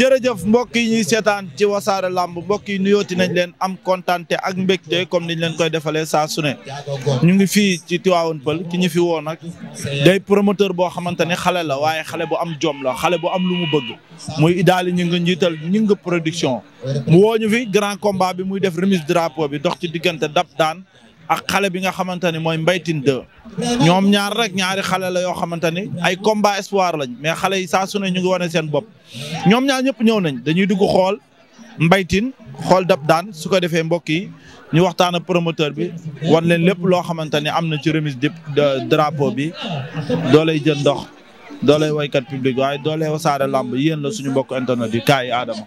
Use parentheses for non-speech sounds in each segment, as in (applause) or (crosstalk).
jërëjëf mbokk yi ñuy seetaan ci wasaare lamb mbokk yi nuyooti nañ leen am kontaan ak mbégte comme niñ leen koy defalee saa su ne ñu ngi fii ci Tivaouane Peulh ci ñu fi woo nag day promoteur boo xamante ne xale la waaye xale bu am jom la xale bu am lu mu bëgg muy idaali ñu ngi njiital ñu ngi production mu woo ñu fi grand combat bi muy def remise drapeau bi dox ci diggante Dab Daan ak xale bi nga xamante ne mooy mbaytin 2 ñoom ñaar rek ñaari xale la yoo xamante ni ay combat espoir lañ mais xale yi saa su ne ñu ngi wane seen bopp ñoom ñaar ñëpp ñëw nañ dañuy dugg xool mbaytin xool dab daan su ko defee mbokk yi ñu waxtaan ak promoteur bi wan leen lépp loo xamante ni am na ci remise de drapeau bi doo lay jël ndox dooley waykat public waaye dooley wasaare lamb yéen la suñu bokk internet yi kaay Adama.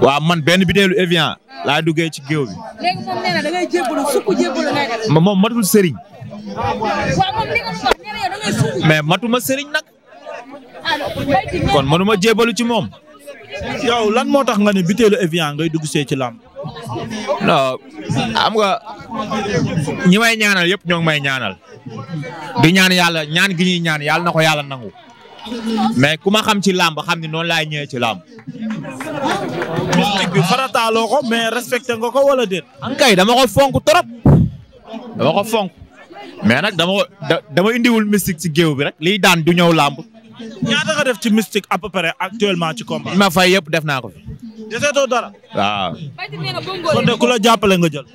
ci man benn bitéelu Evian laa duggee ci géew bi. léegi moom matul sëriñ. waaw moom li mais matuma sëriñ nag. Ah, kon mënuma jébbalu ci moom. yow lan moo tax nga ne bitéelu Evian ngay dugg see ci lamb. non am nga ñi may ñaanal yëpp ñoo ngi may ñaanal di ñaan yàlla ñaan gi ñuy ñaan yàlla na ko yàlla nangu mais ku ma xam ci làmb xam ni noon laay ñëwee ci làmb. mystique bi farataaloo ko mais respecté nga ko wala déet. ankay dama ko fonk trop dama ko fonk mais nag dama ko dama indiwul mystique ci géew bi rek liy daan du ñëw làmb. ñaata nga def ci mystique à peu près actuellement ci combat. ma fay yëpp def naa ko fi. deseetoo dara. waaw. kon de ku la jàppale nga jël.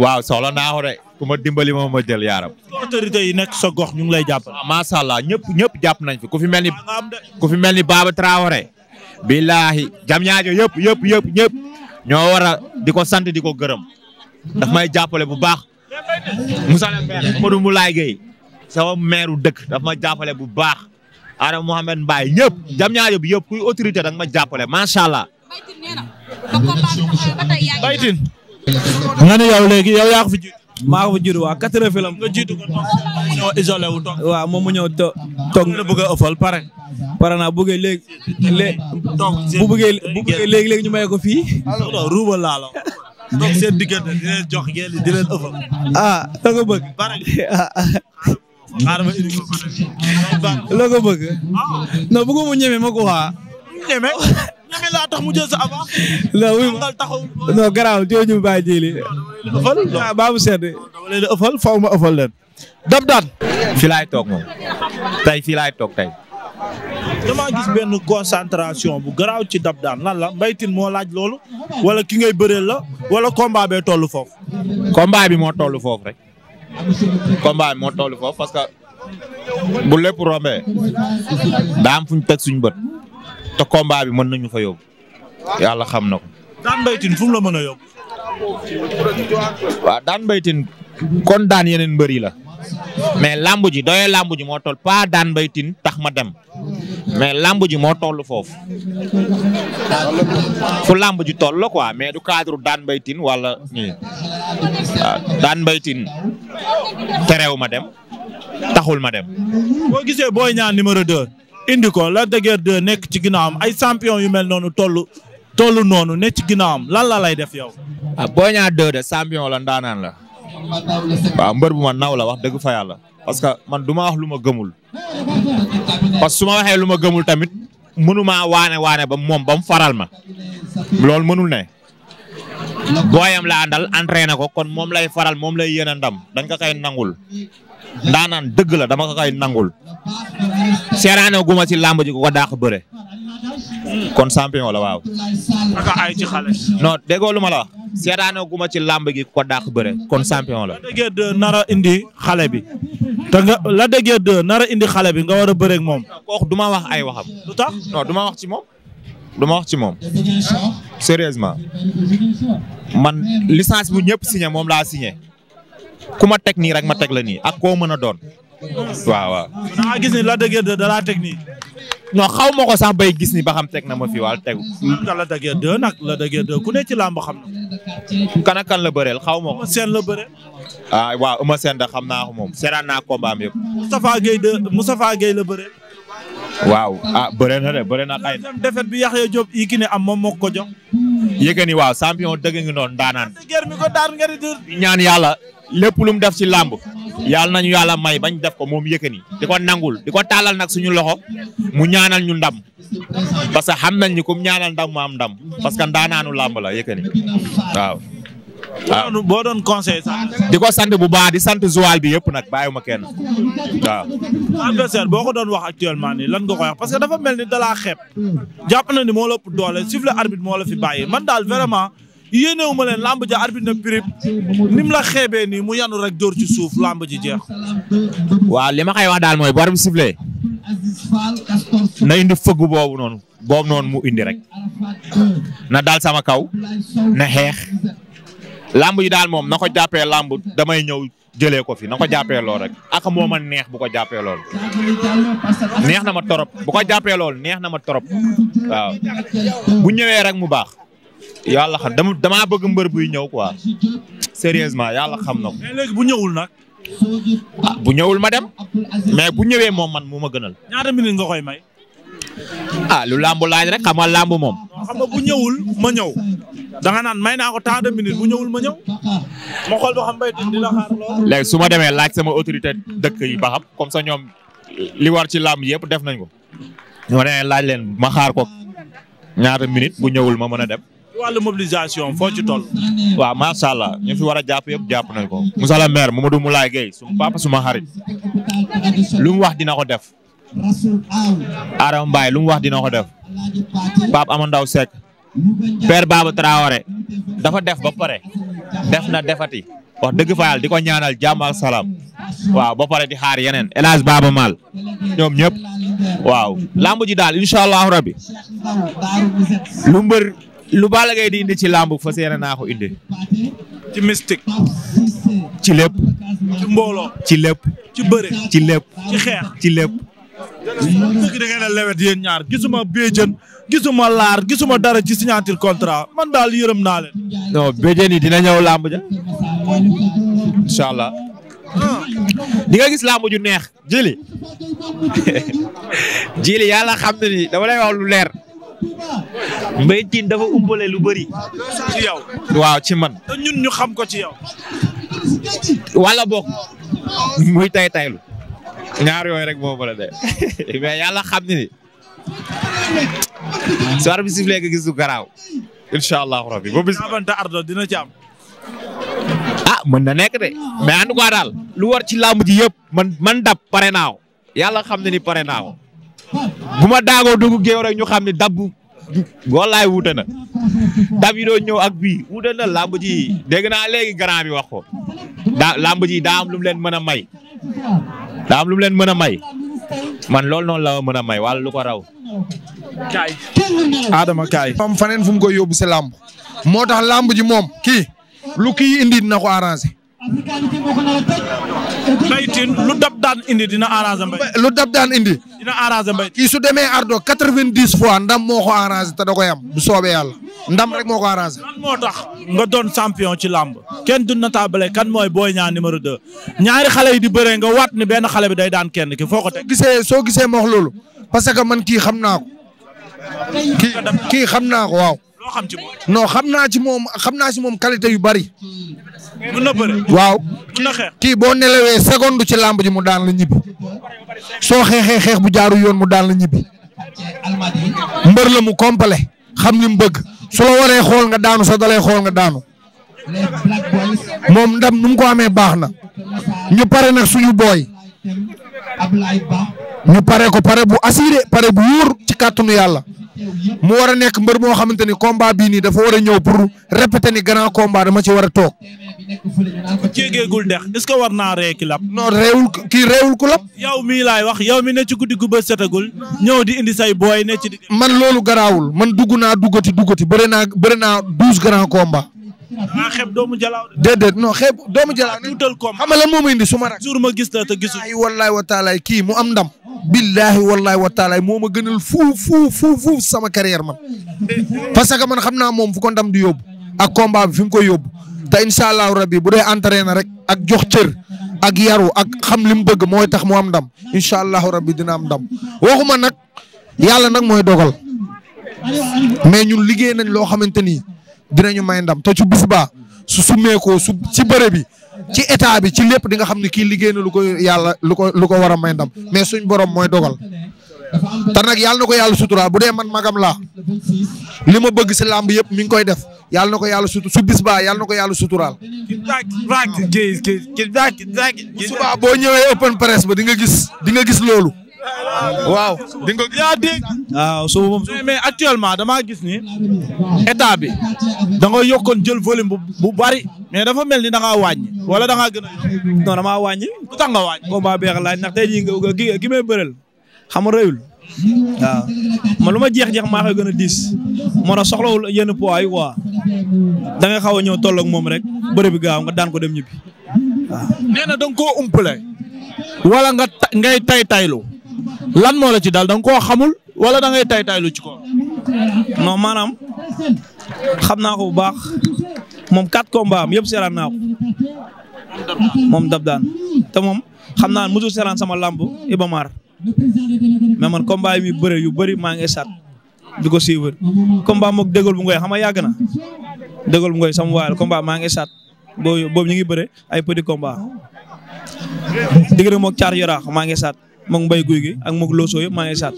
waaw soxla naa ko ku ma dimbali moom ma jël yaaram. autorité yi nekk sa gox ñu ngi lay jàppale. macha allah ñëpp ñëpp jàpp nañ fi ku fi mel ni. ku fi mel ni Baba Traoré. billahi jam ñaajo yëpp yëpp yëpp ñëpp. ñoo war a di ko sant di ko gërëm. daf may jàppale bu baax. Moussa le maire Amadou Moulaye sama maire dëkk daf jàppale bu baax. Adama Mohamed Mbaye ñëpp jam ñaajo bi yëpp kuy autorité da nga ma jàppale macha allah. baytin nga ne yow léegi yow yaa ko fi jiitu. maa ko fi jiitu waa quatre ko toog mu ñëw isolé wu toog. waaw moom mu ñëw toog toog a ëffal pare. pare naa bu bëggee léegi. bu bëggee bu bëggee léegi léegi ñu may ko fii. alors ruuba la. donc seen diggante di leen jox ngeen di leen ah, ah, ma indi ko. ñeme laa tax mu jël sa avant. non oui non garaaw jooju baa jëli. ëffal faw ah, ma ëffal leen. dab daan. fii laay toog moom tey fii laay toog tey. damaa gis benn concentration bu garaaw ci dab daan lan la mbaytin moo laaj loolu wala ki ngay bëreel la wala combat bee toll foofu. komba bi moo toll foofu rek. combat bi moo toll foofu parce que bu lépp rombee daa fu teg suñu bët. te combat bi mën nañu fa yóbbu yàlla xam na ko. daan baytin fu la mën a yóbbu. waaw daan baytin kon daan yeneen mbër yi la mais lamb ji doyee lamb ji moo tol pas daan baytin tax ma dem mais lamb ji moo toll foofu fu lamb ji toll la quoi mais du cadre daan baytin wala ñii waaw daan baytin terew ma dem taxul ma dem. boo gisee booy ñaan numéro 2. indi ko Lac de Guiers 2 nekk ci ginnaawam ay sampion yu mel noonu toll toll noonu ne ci ginnaawam lan la lay def yow. ah Boy Niang 2 de champion la ndaanaan la. waaw mbër bu ma naw la wax dëgg fa yàlla parce que man duma ma wax lu ma gëmul. parce que su ma waxee lu ma gëmul tamit mënu maa waane waane ba moom ba mu faral ma loolu mënul ne. booyam la àndal entraîné ko kon moom lay faral moom lay yéene ndam dañ ko koy nangul. ndaanaan dëgg la dama ko koy nangul. seeraane guma ci làmb ji ku ko dàq bëre. kon champion la waaw. naka ay ci xale. non déggoo lu ma la wax. seeraane guma ci làmb gi ko dàq bëre kon champion la. la déggee nara indi xale bi. te nga la déggee de nara indi xale bi nga war a bëreeg moom. kooku du ma wax ay waxam. lu tax non du wax ci moom. du ma wax ci moom. sérieusement man licence bu ñëpp signé moom laa signé. ku ma teg nii rek ma teg la nii ak koo mën a doon. waaw waaw. da gis ni la dëgër de da laa teg nii. non xaw ma ko sax bay gis ni ba xam teg na ma fi wal tegu. da la dëgër de ku ne ci làmb xam na. kan kan la bëreel xaw ma ko. seen la bëreel. ah waaw Eumeu Sène da xam naa ko moom seetaan naa combat am yëpp. Moustapha Guèye de Moustapha waaw ah bëre na de bëre na xay na. defet bi Yaxya Diop yi ki ne am moom moo ko jox. yëgën ni waaw champion dëgg ngi noonu daanaan. ñaan yàlla lépp lu mu def si làmb yàlla nañu yàlla may bañ def ko moom Yékini di ko nangul di ko tàllal nag suñu loxo mu ñaanal ñu ndam parce que xam nañ ni comme ñaanal ndam mu am ndam parce que ndaanaanu làmb la Yékini waaw. waaw boo doon conseil sax. di ko sant bu baa di sant Joal bi yëpp nag bàyyiwuma kenn waaw. adversaire boo ko doon wax actuellement nii lan nga koy wax parce que dafa mel ni dalaa xeeb. jàpp na ni moo la ëpp doole sifflet arbitre moo la fi bàyyi man daal yéenewu ma leen lamb ji arbitre na ni mu la xeebee nii mu yanu rek dóor ci suuf lamb ji jeex. waaw li ma koy wax daal mooy bu arbitre sifflee na indi fëgg boobu noonu boobu mu indi rek na daal sama kaw na xeex lamb daal moom na ko jàppee lamb damay ñëw jëlee ko fi na ko jàppee lool rek ak moo ma neex bu ko jàppee lool neex na ma torop bu ko jàppee lool neex na ma torop waaw bu ñëwee rek mu baax. yàlla xam dama damaa bëgg mbër buy ñëw quoi sérieusement yàlla xam na bu ñëwul nag. Ah, bu ñëwul ma dem. mais bu ñëwee moom man mu ma gënal. ñaata minute nga koy may. ah lu làmb laaj rek xam nga làmb moom. xam nga bu ñëwul ma ñëw. danga naan may naa ko tant de bu ñëwul ma ñëw. ma xool su ma demee laaj sama autorité dëkk yi ba xam comme ça ñoom li war ci làmb yëpp def nañ ko. ma demee laaj leen ma xaar ko ñaata minutes bu ñëwul ma mën a dem. wàllu mobilisation foo ci toll. waaw macha allah ñu fi war a jàpp yëpp jàpp nañ ko. Moussa la maire Mamadou Moulaye Gueye suma papa suma xarit lu mu wax dina ko def. Adama Mbaye lu mu wax dina ko def. Pape Amandaw Seck. Père Baba Traoré. dafa def ba pare. def na defati. wax dëgg fa di ko ñaanal jàmm ak salaam. waaw ba pare di xaar yeneen El Hadj Baba ñoom ñëpp. waaw lamb ji daal incha allahu rabi. lu lu Balla Gaye di indi ci làmb fas yéene naa ko indi. ci mystique. ci lépp. ci mbooloo. ci lépp. ci bëre. ci lépp. ci xeex ci lépp. dëgg ñaar gisuma béjjën gisuma laar gisuma dara ci signature contrat man daal yërëm naa leen. non dina ñëw làmb ja. incha gis làmb ju neex. jili (laughs) jili yàlla xam na ni dama lay lu leer. Mbaye Tine dafa umpale lu bëri. yow. waaw ci man. ñun ñu xam ko ci yow. walla boog muy tay ñaar yooyu rek moo bëri de (laughs) mais yàlla xam ne ni su arbitre bi sifflee nga gis du garaaw. incha allahu rabbi ba bis. dina ci am. ah mën na nekk de mais en tout cas lu war ci làmb ji yëpp man man dab pare naaw yàlla xam ne ni pare naaw. bu ma daagoo dugg géew rek ñu xam ne dab wallaay wuute na dab yi doon ñëw ak bi wuute na làmb ji dégg naa léegi grand bi wax ko làmb ji daa am lu leen mën a may daa am lu leen mën a may man loolu noonu la mën a may wala lu ko raw. kaay Adama kaay. am faneen fu mu koy yóbbu si làmb moo tax làmb ji moom kii lu kii indi dina ko arrangé. Mbaye Tine lu dab daan indi dina arrangé Mbaye. lu dab daan indi. dina arrangé Mbaye. kii su demee Ardo quatre-vingt-dix fois ndam moo ko arrangé te da koy am bu soobee yàlla ndam rek moo ko arrangé. lan moo tax nga doon champion ci làmb kenn du na taabale kan mooy booy ñaa numéro deux ñaari xale yi di bëree nga waat ni benn xale bi day daan kenn ki foo ko teg. gisee soo gisee ma loolu parce que man kii xam naa kii kii xam naa ko waaw. loo xam ci moom. non xam naa ci moom xam naa ci moom qualité yu bari. mën na waaw kii boo nelawee seconde ci làmb ji mu daan la ñibbi soo xeexee xeex bu jaaru yoon mu daan la ñibbi mbër la mu complet xam li mu bëgg su la xool nga daanu sa dalay xool nga daanu moom ndam nu ko amee baax na ñu pare nag suñu booy ñu pare ko pare bu assuré pare bu wóor ci kàttanu yàlla mu war a nekk mbër moo xamante ni combat bii nii dafa war a ñëw pour répéter ni grand combat dama ci war a toog jéegeegul dex est-ce que war naa ree ki lab. non réewul kii réewul ku lab. yow mii laay wax yow mi ne ci guddi gu bët setagul ñëw di indi say booy ne ci. man loolu garaawul man dugg naa duggati duggati bëri naa bëri naa douze grands combats. ah xeeb doomu jalaaw de. déedéet non xeeb doomu jalaaw no wutal koom xam nga lan moo ma indi su ma rak. jour ma gis la te gisul. ay wallaahi wa taalaay kii mu am ndam. billahi wallahi wa taalaay moo ma gënal fuuf fuuf fuuf fuuf sama carrière man. parce que man xam naa moom fu di yóbbu. ak te incha allahu rabbi bu dee entraîné rek ak jox cër ak yaru ak xam li mu bëgg mooy tax mu am ndam incha allahu rabbi dina am ndam waxuma nag yàlla nag mooy dogal mais ñun liggéey nañ loo xamante ni dinañu may ndam te ci bis ba su sumeekoo su ci bëre bi ci état bi ci lépp di nga xam ne kii liggéey na lu ko yàlla lu ko lu ko war a may ndam mais suñ borom mooy dogal te nag yàlla na ko yàlla sutura bu dee man magam laa li ma bëgg si làmb yëpp mi ngi koy def yàlla na ko yàlla sutu su baa yàlla na ko yàlla suturaal. bu subaa boo ñëwee open press ba di nga gis di nga gis loolu. waaw di nga yaa moom mais actuellement damaa gis ni état bi da nga yokkoon jël volume bu bu bari mais dafa mel ni da ngaa wala da ngaa gën a non damaa wàññi. lu tax nga wàññi. combat beex laaj tey jii nga ki may bëreel xam nga rëyul waaw ma lu ma jeex jeex maa koy gën a diis moo tax soxlawul yenn poids yi quoi da xaw a ñëw toll ak moom rek bëre bi gaaw nga daan ko dem ñibbi waaw. nee na da nga koo wala nga ngay tay taylu lan moo la ci daal da nga koo xamul wala da ngay tay ci ko non maanaam xam naa ko bu baax moom quatre combats am yëpp seeraan naa ko moom dab daan te moom xam naa ne mosul seeraan sama lamb Ibamar. mais man combat yi muy bëre yu bëri maa ngi sat di ko suivre combat moog dégol bu ngoy xam nga yàgg na dégol bu ngoy sama waayal combat maa ngi sat boobu boobu ñu ngi bëre ay petit combat diggante moog caar yoraax maa ngi sat moog mbay guy gi ak moog loosoo yëpp maa ngi sat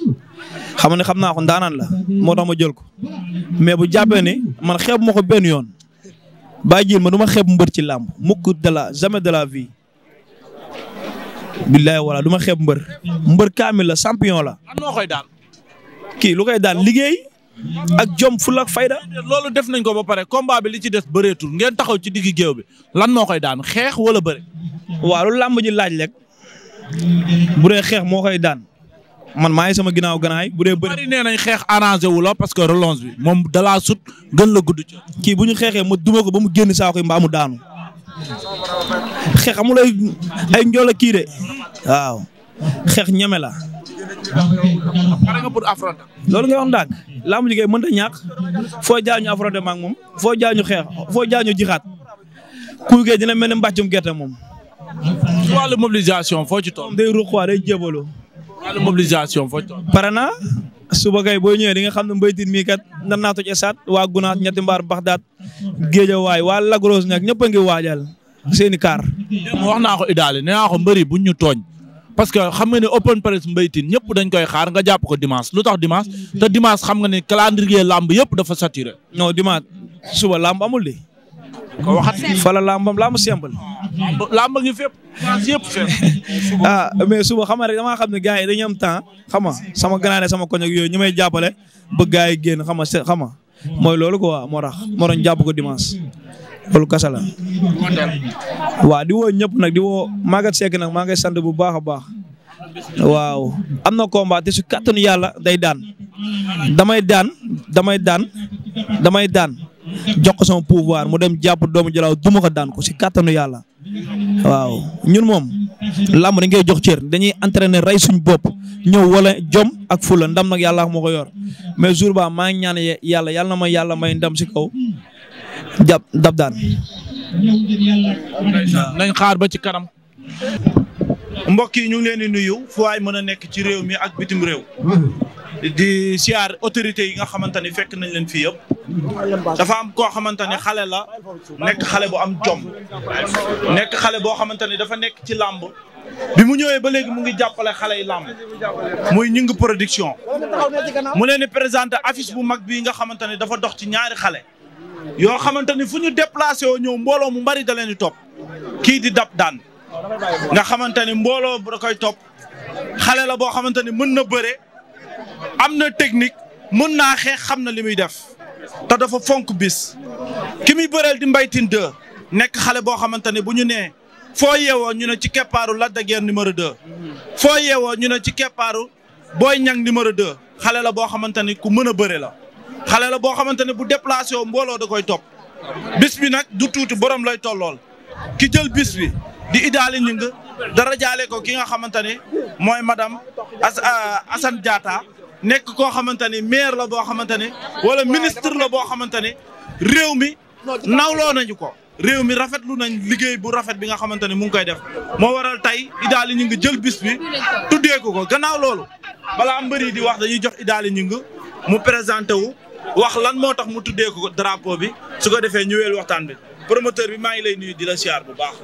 xam ne xam naa ko ndaanaan la moo tax ma jël ko mais bu jàppee ni man xeeb ma ko benn yoon bàyyi jiil ma du ma mbër ci làmb mukk de la jamais de la vie billaay wala du ma xeeb mbër. mbër kaamil la champion la. lan moo koy daan. kii lu koy daan liggéey. ak jom fulak fayda. loolu def nañ ko ba pare combat bi li ci des bëreetul ngeen taxaw ci digg géew bi lan moo koy daan xeex wala bëre. waaw loolu làmb ji laaj lek bu dee xeex moo koy daan man maa ngi sama ginnaaw ganaay bu dee bëri. bari nee nañ xeex arrangé wu parce que relance bi moom dalaa sut gën la gudd. kii bu ñu xeexee ma duma ko ba mu génn saako yi mbaa daanu. xeex amul ay ay njool waaw xeex ñeme la. pare nga pour affronter. loolu ngay wax ndaag mënta ñàkk foo jaa ñu affronter ma ak foo jaa xeex foo jaañu ñu jixaat kuy gee dina mel ne mbàccum gerte moom. ci wàllu mobilisation foo ci toll. day pare naa. suba kay boo ñëwee di nga xam ne Mbaye Tine mii kat nar naa toj esaat waa Gunaas ñetti mbaar Baxdaat Géejawaay waa Lagros nag ñëpp a ngi waajal seen i kaar. wax naa ko Idaly nee naa ko bu buñ ñu tooñ parce que xam nga ne open press Mbaye ñëpp dañ koy xaar nga jàpp ko dimanche lu tax dimanche te dimanche xam nga ne calendrier làmb yëpp dafa saturé. non dimanche suba lamb amul de. ko waxat fa la làmbam làmb simple. làmb ngi fépp yëpp fépp. ah mais suba xam rek damaa xam ne gars yi dañuy am temps xam nga sama ganaane sama koñ ak yooyu ñu may jàppale ba gars yi génn xam nga mooy loolu quoi moo tax moo jàpp ko dimanche. loolu kasa la. waaw di woo ñëpp nag di woo Maguette Seck nag maa ngay sant bu baax a baax. waaw am na combat te su kàttanu yàlla day daan damay daan damay daan damay daan. jox ko sama pouvoir mu dem jàpp doomu jalaaw duma ko daan ko si kàttanu yàlla waaw ñun moom làmb dañ koy jox cër dañuy entraîner rey suñ bopp ñëw wala jom ak fula ndam nag yàlla moo ko yor mais jour ba maa yàlla yàlla na ma yàlla may ndam si kaw dab daan nañ xaar ba ci kanam mbokk yi ñu ngi leen di waay mën a nekk ci réew mi ak bitim réew di siyaar autorité yi nga xamante ni fekk nañ leen fii yëpp dafa am koo xamante ni xale la nekk xale bu am jom nekk xale boo xamante ni dafa nekk ci làmb bi mu ñëwee ba léegi mu ngi jàppale xale yi làmb muy ñing production mu leen di présenté affiche bu mag bii nga xamante ni dafa dox ci ñaari xale yoo xamante ni fu ñu déplacé yoo ñëw mbooloo mu bari da leen di topp kii di dab daan nga xamante ni mbooloo da koy topp xale la boo xamante ni mën na bëre am na technique mën naa xeex xam na li muy def te dafa fonk bis ki muy bëreel di Mbaye Tine 2 nekk xale boo xamante ne bu ñu nee foo yeewoo ñu ne ci keppaaru Lac de Guiers numéro 2. foo yeewoo ñu ne ci keppaaru Boy Niang numéro 2 xale la boo xamante ni ku mën a bëre la xale la boo xamante ne bu déplacé woo mbooloo da koy topp bis bi nag du tuuti borom lay tollool ki jël bis bi di idaali ñing dara jaale ko ki nga xamante ne mooy madame euh, Assane Diatta nekk koo xamante ne maire la boo xamante ne wala ministre la boo xamante ne réew mi nawloo nañu ko réew mi rafetlu nañ liggéey bu rafet bi nga xamante ne mu ngi koy def moo waral tey idaali ñing jël bis bi tuddee ko ko gannaaw loolu balaa mbër yi di wax dañuy jox idaali ñing mu présenté wu wax lan moo tax mu tuddeeku ko drapeau bi su ko defee ñëweel waxtaan bi promoteur bi maa ngi lay nuyu di la siyaar bu baax.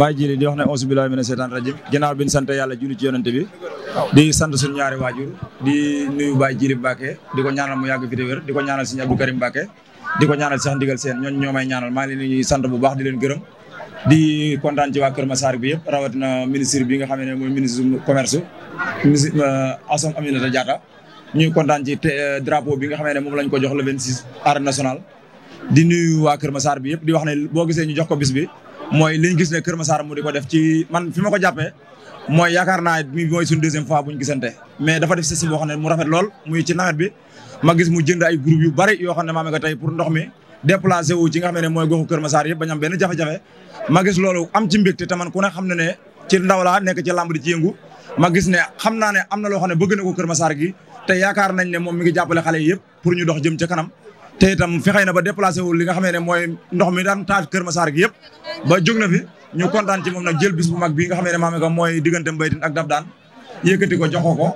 Baye Jili di wax ne auzu billahi mina seytaan rajim ginnaaw bi ñu sant yàlla julli ci yonente bi di sant suñu ñaari waajur di nuyu Baye Jili baake di ko ñaanal mu yàgg fi di wér di ko ñaanal suñu Abdou Karim Mbacke di ko ñaanal sax ndigal seen ñooñ ñoo may ñaanal maa ngi leen sant bu baax di leen gërëm di kontaan ci waa Kër Massar bi yëpp rawatina ministre bi nga xam ne mooy ministre commerce ministre euh, Assome Aminata Diatta ñuy kontaan ci euh, drapeau bi nga xam ne moom lañ ko jox le 26 arène nationale di nuyu waa Kër Massar bi yëpp di wax ne boo gisee ñu jox ko bis bi mooy liñ gis ne Kër Massar mu di def ci man fi ma ko jàppee mooy mais dafa def système boo xam ne mu rafet lool muy ci nawet bi ma gis mu jënd ay groupe yu bari yoo xam ne maa ko tey pour ndox mi déplacé ci nga xam ne mooy goxu Kër Massar yëpp bañ am benn jafe-jafe ma gis loolu am ci mbégte te ku ne xam ne ne ci ndaw laa ci làmb di ci yëngu ma gis ne xam naa ne am na loo xam ne bëgg na ko Kër Massar gi te yaakaar moom mi ngi jàppale xale yëpp pour ñu kanam te itam fexey na ba déplacé wu li nga xamee ne mooy ndox mi daan taat Kër ma saar gi yëpp ba jóg na fi ñu kontaan ci moom nag jël bis bu mag bi nga xamee ne maame ko mooy bay mbaytin ak dab daan yëkkati ko joxo ko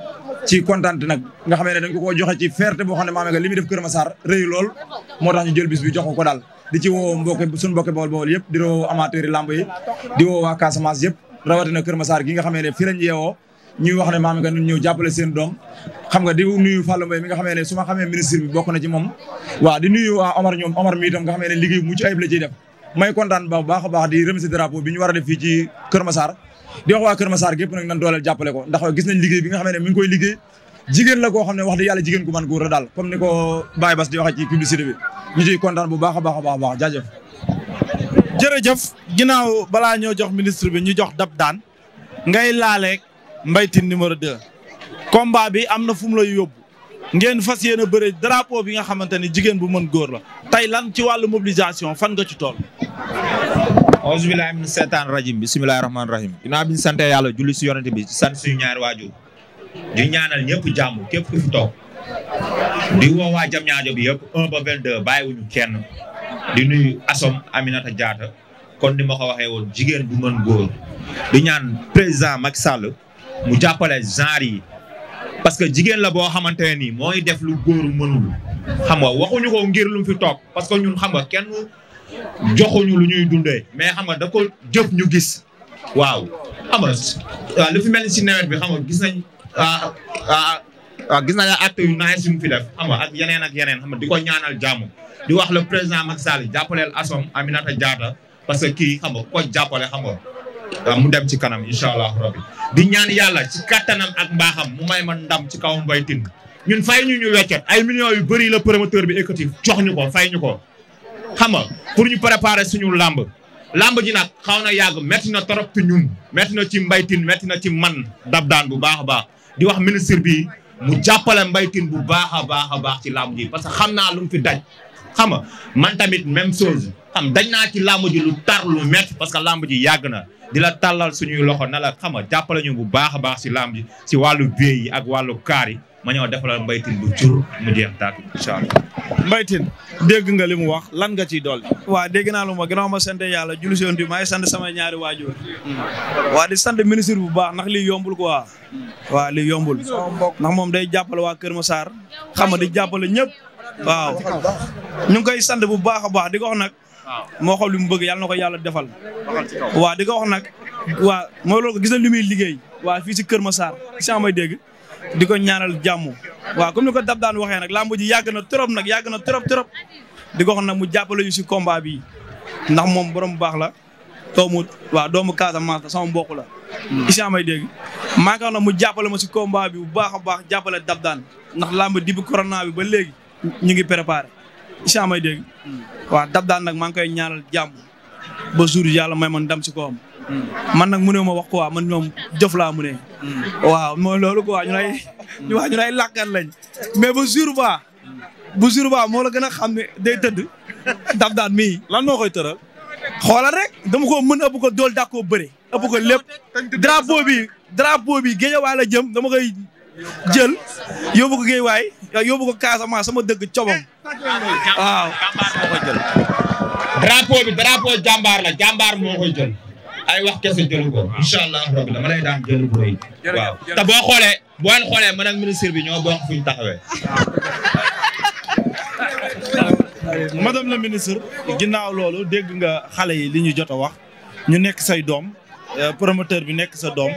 ci kontaan nag nga xamee ne dañ ko joxe ci fierté boo xam ne maame ko li muy def Kër Massar rëy lool moo tax ñu jël bis bi joxo ko daal di ci woo mbokk suñu mbokk Bawol Bawol yëpp di woo amateur yi lamb yi di woo waa Casamance yëpp rawatina Kër Massar gi nga xamee ne fi lañ yeewoo ñuy wax ne maam nga ñun ñëw jàppale seen doom xam nga di nuyu Fallou Mbaye mi nga xamee ne su xamee ministre bi bokk na ci moom waaw di nuyu waa ñoom Omar mi nga xamee ne liggéey mucc ayib la ciy def may kontaan ba baax a baax di remercier drapeau bi ñu war def fii ci Kër Massar di wax waa Kër Massar gépp nga xamee ne mi ngi koy liggéey jigéen la koo xam ne wax dëgg yàlla jigéen ku man góor la daal comme ni ko Baye Bass di waxee ci publicité bi ñu ciy kontaan bu a a Mbaye Tine numéro 2. combat bi am na fu mu lay yóbbu ngeen fas yéene bëre drapeau bi nga xamante ni jigéen bu mën góor la tey lan ci wàllu mobilisation fan nga ci tool. auzu billahi min seetaan rajim bismillahi rahmaani rahim ginnaaw bi ñu sante yàlla julli si yonente bi sant suñu ñaari waajur di ñaanal ñëpp jàmm képp ku fi toog di woo waa jam ñaajo bi yëpp 1 ba 22 bàyyiwuñu kenn di nuyu asom Aminata Diatta kon ni ma ko waxee jigéen bu mën góor di ñaan président Macky Sall mu jàppale genre yi parce que jigéen la boo xamante ne nii mooy def lu góor mënul xam nga waxuñu ko ngir lu fi toog parce que ñun xam nga kenn joxuñu lu ñuy dundee mais xam nga da ko jëf ñu gis waaw xam nga lu fi mel ni si nawet bi xam nga gis nañ waaw ah, ah, ah, gis nañu acte yu naaj yu mu fi def xam nga ak yeneen ak yeneen xam nga di ko ñaanal jàmm di wax la président Macky Sall jàppaleel Assome Aminata Diatta parce que kii xam nga ko jàppale xam Euh, mu dem ci kanam incha allahu rabbi di ñaan yàlla ci kattanam ak mbaaxam mu may man ndam ci kaw Mbaye Tine ñun fay ñu ñu weccet ay millions yu bëri la promoteur bi écouté jox ñu ko fay ñu ko xam nga pour ñu préparer suñu làmb làmb ji nag xaw na yàgg métti na trop ci ñun métti na ci Mbaye Tine métti na ci man dab daan bu baax a baax di wax ministre bi mu jàppale Mbaye Tine bu baax a baax a baax ci làmb ji parce que xam naa lu fi daj xam nga man tamit même chose xam dañ naa ci làmb ji lu tar lu met parce que làmb ji yàgg na di la tàllal suñuy loxo nala la xam nga jàppale ñu bu baax baax si làmb ji si wàllu biey yi ak wàllu kaar yi ma ñëw defalal mbaytin bu jur mu jeex tàkk incha mbaytin dégg nga li mu wax lan nga ciy dolli. waa dégg naa lu ma gannaaw ma sant yàlla julli si yoon bi maa ngi sant sama ñaari waajur. waa di sant ministre bu baax ndax li yombul ko waa lii yombul. ndax moom day jàppale waa Kër ma xam nga di jàppale ñëpp. waaw ñu ngi koy sant bu baax a baax di ko wax nag. moo xam li mu bëgg yàlla na ko yàlla defal. waaw di ko wax nag. waa mooy loolu gis na li liggéey. waa fii si Kër Massar si amay dégg. di ko ñaanal jàmm. waaw comme ni ko dab daan waxee nag làmb ji yàgg na trop nag yàgg na trop trop. di ko wax nag mu jàppale ñu si combat bi ndax moom borom baax la. doomu waa doomu Casamance la sama mbokk la. Hmm. isi amay dégg. maa ngi wax mu jàppale ma si combat bi bu baax a baax jàppale dab daan ndax làmb dibi corona bi ba léegi. ñu ngi préparé incha may dégg. Hmm. waaw dab daal nag maa ngi koy ñaanal jàmm ba jour yàlla may man dam si kawam. Hmm. man nag mënoo ma wax quoi man ñoom jëf laa mënee. Hmm. waaw loolu quoi ñu lay (laughs) ñu wax ñu mais ba jour ba bu ba moo la gën a xam ne day tëdd dab daan lan moo koy tëral. xoolal rek dama ko mën ëpp ko dool daa koo bëre. a ko lépp drapeau bi drapeau bi géejawaay la jëm dama koy jël yóbbu ko géejawaay yóbbu ko Casamance sama dëkk cobam. waaw. drapeau bi drapeau jàmbaar la jàmbaar moo koy jël. ay wax kese jëlu ko incha allah rabbi dama lay daan jëlu ko yi. boo xoolee boo leen xoolee man ministre bi ñoo bokk fu ñu taxawee. madame la ministre ginnaaw loolu dégg nga xale yi li ñu jot a wax ñu nekk say doom eh, promoteur bi nekk sa doom.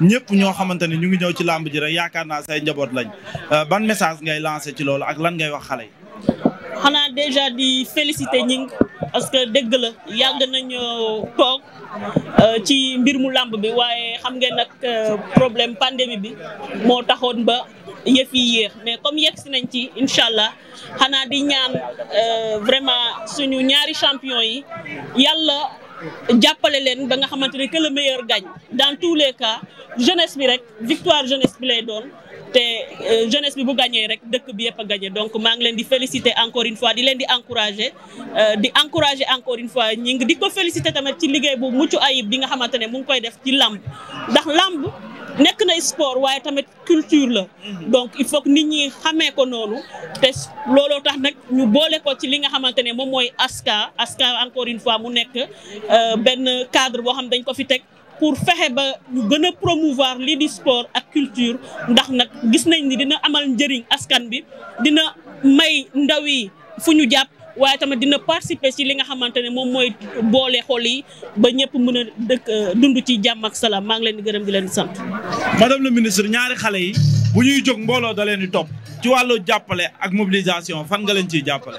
ñëpp ñoo xamante ni ñu ngi ñëw ci làmb ji rek yaakaar naa say njaboot lañ euh, ban message ngay lancé ci loolu ak lan ngay wax xale xanaa déjà di féliciter ñing parce que dëgg la yàgg nañu toog euh, ci mbir mu làmb bi waaye xam ngeen nag euh, problème pandémie bi moo taxoon ba yëf yi yéex mais comme yegg si nañ ci incha allah xanaa di ñaan vraiment suñu ñaari champion yi yàlla. jàppale leen ba nga xamante ne que le meilleur gagne dans tous les cas jeunesse bi rek victoire jeunesse bi lay doon te euh, jeunesse bi bu gagné rek dëkk bi yëpp a donc maa ngi leen di féliciter encore une fois di leen di encourager euh, di encourager encore une fois ñi ngi di ko félicité tamit ci liggéey bu mucc ayib bi nga xamante ne mu ngi koy def ci làmb ndax làmb nekk na sport waaye tamit culture la mhm. donc il faut que nit ñi xamee ko noonu te looloo tax nag ñu boole ko ci li nga xamante ne moom mooy aska aska encore une fois mu nekk euh, benn cadre boo xam dañ ko fi teg pour fexe ba ñu gën a promouvoir lii di sport ak culture ndax nag gis nañ ni dina amal njëriñ askan bi dina may ndaw yi fu ñu jàpp waaye tamit dina participer ci li nga xamante ne moom mooy boole xol yi ba ñëpp mun a dëkk euh, dund ci jàmm ak salaam maa ngi leen di gërëm di leen sant. madame la ministre ñaari xale yi bu ñuy jóg mbooloo da leen di topp ci wàllu jàppale ak mobilisation fan nga leen ciy jàppale.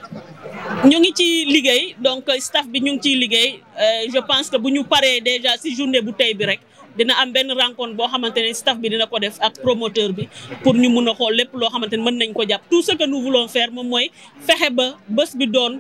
ñu ngi ci liggéey donc staff bi ñu ngi ciy liggéey euh, je pense que bu ñu paree déjà ci journée bu tey bi rek. dina am benn rencontre boo xamante ne staff bi dina ko def ak promoteur bi pour ñu mun a xool lépp loo xamante ne mën nañ ko jàpp tout ce que nous voulons faire moom mooy fexe ba bés bi doon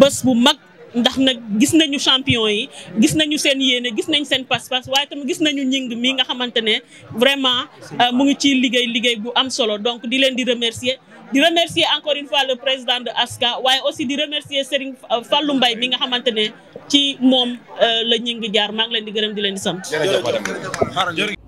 bés bu mag ndax nag gis nañu champion yi gis nañu seen yéene gis nañ seen pas-pas waaye tamit gis nañu ñing mii nga xamante ne vraiment euh, mu ngi ci liggéey liggéey bu am solo donc di leen di remercier di remercier encore in fois le président de ASCA waaye aussi di remercier Serigne euh, fallu mbay mi nga xamante ne ci moom euh, la ñu jaar maa ngi leen di gërëm di leen di sant.